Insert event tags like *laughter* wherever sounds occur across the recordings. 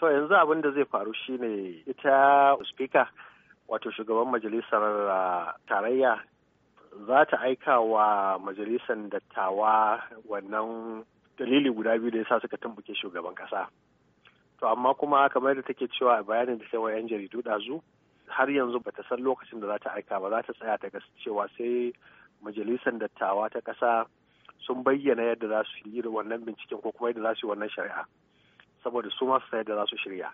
To yanzu abin da zai faru shine ita speaker wato shugaban majalisar tarayya za ta aika wa majalisar dattawa wannan dalili guda biyu da ya sa suka tumbuke shugaban kasa. To amma kuma kamar da take cewa a bayanin da sai 'yan jaridu dazu har yanzu bata san lokacin da za ta aika ba za ta tsaya ta ga cewa sai majalisar dattawa ta kasa sun bayyana yadda za su yi wannan binciken ko kuma yadda za su yi wannan shari'a. saboda su masu sayar da za su shirya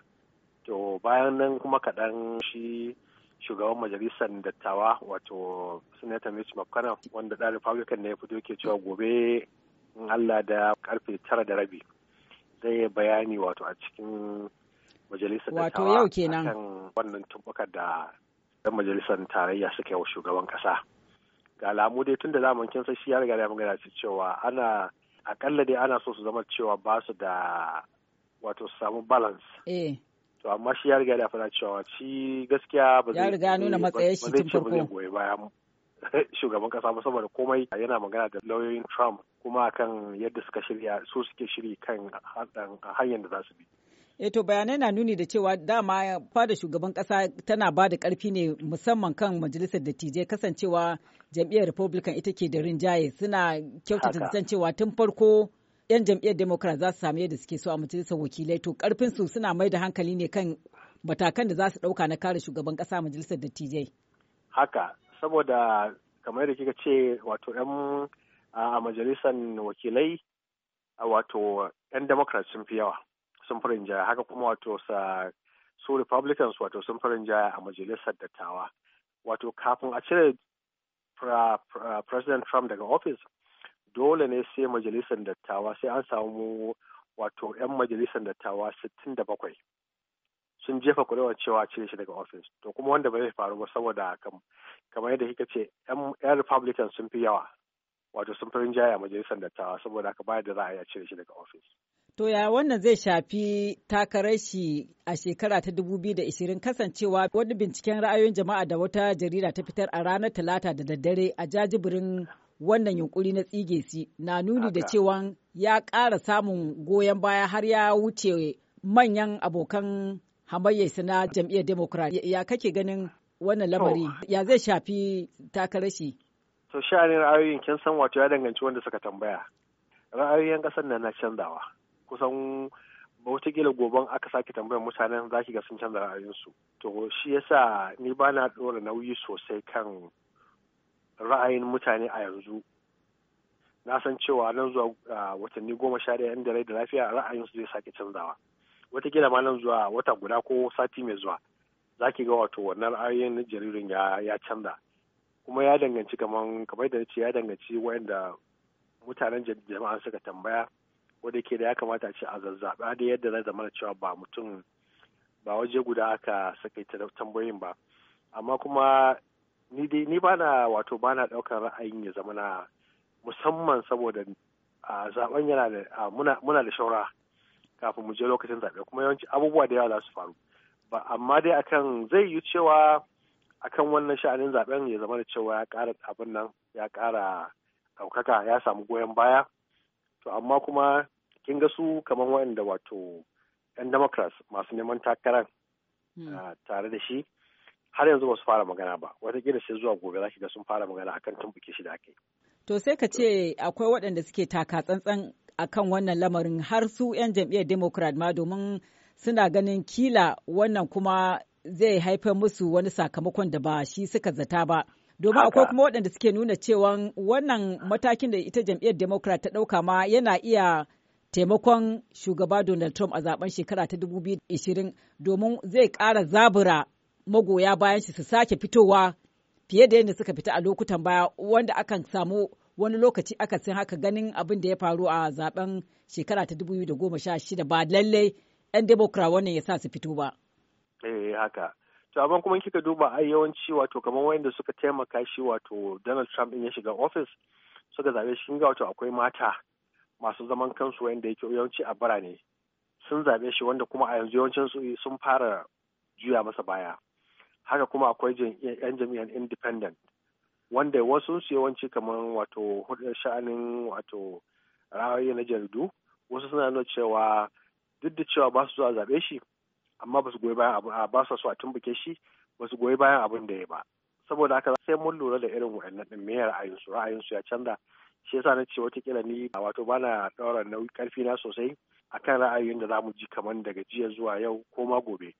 to bayan nan kuma kaɗan shi shugaban majalisar dattawa wato senator mitch mcconnell wanda ɗan republican ne ya fito ke cewa gobe in allah da karfe tara da rabi zai bayani wato a cikin majalisar wato yau kan wannan tumbukar da ɗan majalisar tarayya suka yi wa shugaban ƙasa ga alamu dai tun da zamanin kinsa shi ya riga da magana cewa ana akalla dai ana so su zama cewa ba su da wato su samu balance eh to amma shi ya riga da fara cewa shi gaskiya ba zai ya riga nuna matsayin shi tun farko ba zai goyi bayan *laughs* shugaban kasa ba saboda komai yana magana da lauyoyin Trump kuma kan yadda suka shirya su suke shiri kan hanyar da za su bi. E to bayanai na nuni da cewa dama fada shugaban kasa tana ba da karfi ne musamman kan majalisar dattijai kasancewa jam'iyyar Republican ita ke da rinjaye suna kyautata zaton tun farko 'yan jam'iyyar democrat za su sami yadda suke so a majalisar wakilai to karfin su suna mai da hankali ne kan matakan da za su ɗauka na kare shugaban kasa majalisar dattijai. haka saboda kamar yadda kika ce wato 'yan a majalisar wakilai wato 'yan democrat sun fi yawa sun fi rinjaya haka kuma wato sa su republicans wato sun fi rinjaya a majalisar dattawa wato kafin a cire president trump daga office dole ne sai majalisar dattawa sai an samu wato 'yan majalisar dattawa sittin da bakwai sun jefa kuri'ar cewa cire shi daga ofis to kuma wanda bai zai faru ba saboda kamar yadda kika ce 'yan republican sun fi yawa wato sun fi rinjaye a majalisar dattawa saboda ka bayar da za a yi a cire shi daga ofis To ya wannan zai shafi takarar shi a shekara ta 2020 kasancewa wani binciken ra'ayoyin jama'a da wata jarida ta fitar a ranar Talata da daddare a jajibirin wannan yunkuri na tsige si na nuni da cewa ya kara samun goyon baya har ya wuce manyan abokan hamayyarsa na jam'iyyar democrat ya kake ganin wannan lamari ya zai shafi takarar shi to sha'anin ra'ayoyin kin san wato ya danganci wanda suka tambaya ra'ayoyin ƙasar nan na canzawa kusan ba wataƙila goben aka sake tambayar mutanen za ki ga sun canza ra'ayinsu to shi yasa ni ba na ɗora nauyi sosai kan ra'ayin mutane a yanzu na san cewa nan zuwa watanni goma sha daya, inda rai da lafiya ra'ayin su zai sake canzawa wataƙila ma nan zuwa wata guda ko sati mai zuwa za ki ga wato wannan ra'ayin jaririn ya canza kuma ya danganci kaman kamar da ce ya danganci wayanda mutanen jama'a suka tambaya wanda ke da ya kamata a ce a zazzaɓa da yadda na zama cewa ba mutum ba waje guda aka saka tambayoyin ba amma kuma ni dai ni bana wato na daukar ra'ayin ya zama na musamman saboda zaben yana da muna da shaura kafin mu je lokacin zaɓe kuma yawanci abubuwa da yawa za su faru ba amma dai akan zai yi cewa akan wannan sha'anin zaben ya zama da cewa ya ƙara abin nan ya ƙara ɗaukaka ya samu goyon baya to amma kuma kin ga su kamar waɗanda wato 'yan democrats masu neman takarar hmm. tare da shi har yanzu ba su fara magana ba wataƙila sai zuwa gobe za ga sun fara magana akan tumbuke shi da ake to sai ka ce akwai waɗanda suke taka tsantsan akan wannan lamarin har su 'yan jam'iyyar democrat ma domin suna ganin kila wannan kuma zai haifar musu wani sakamakon da ba shi suka zata ba domin akwai kuma waɗanda suke nuna cewa wannan matakin da ita jam'iyyar democrat ta ɗauka ma yana iya taimakon shugaba donald trump a zaben shekara ta 2020 domin zai ƙara zabura magoya bayan shi su sake fitowa fiye da yadda suka fita a lokutan baya wanda akan samu wani lokaci aka sin haka ganin abin da ya faru a zaben shekara ta 2016 ba lallai 'yan demokra wannan ya sa su fito ba. Eh haka. To amma kuma kika duba ai yawanci wato kamar wayanda suka taimaka shi wato Donald Trump in ya shiga office suka zabe shi ga wato akwai mata masu zaman kansu wanda yake yawanci a birane sun zabe shi wanda kuma a yanzu yawancin su sun fara juya masa baya. haka kuma akwai yan jami'an independent wanda wasu su yawanci kamar wato sha'anin wato ra'ayoyi na jaridu wasu suna nuna cewa duk da cewa ba su zuwa zaɓe shi amma ba su goyi bayan abu ba su a tumbuke shi ba su goyi bayan abin da ya ba saboda haka sai mun lura da irin wa'annan din me ra'ayin su ya canza shi yasa na ce watakila ni wato bana ɗaura nauyi karfi na sosai akan ra'ayoyin da za mu ji kamar daga jiya zuwa yau ko ma gobe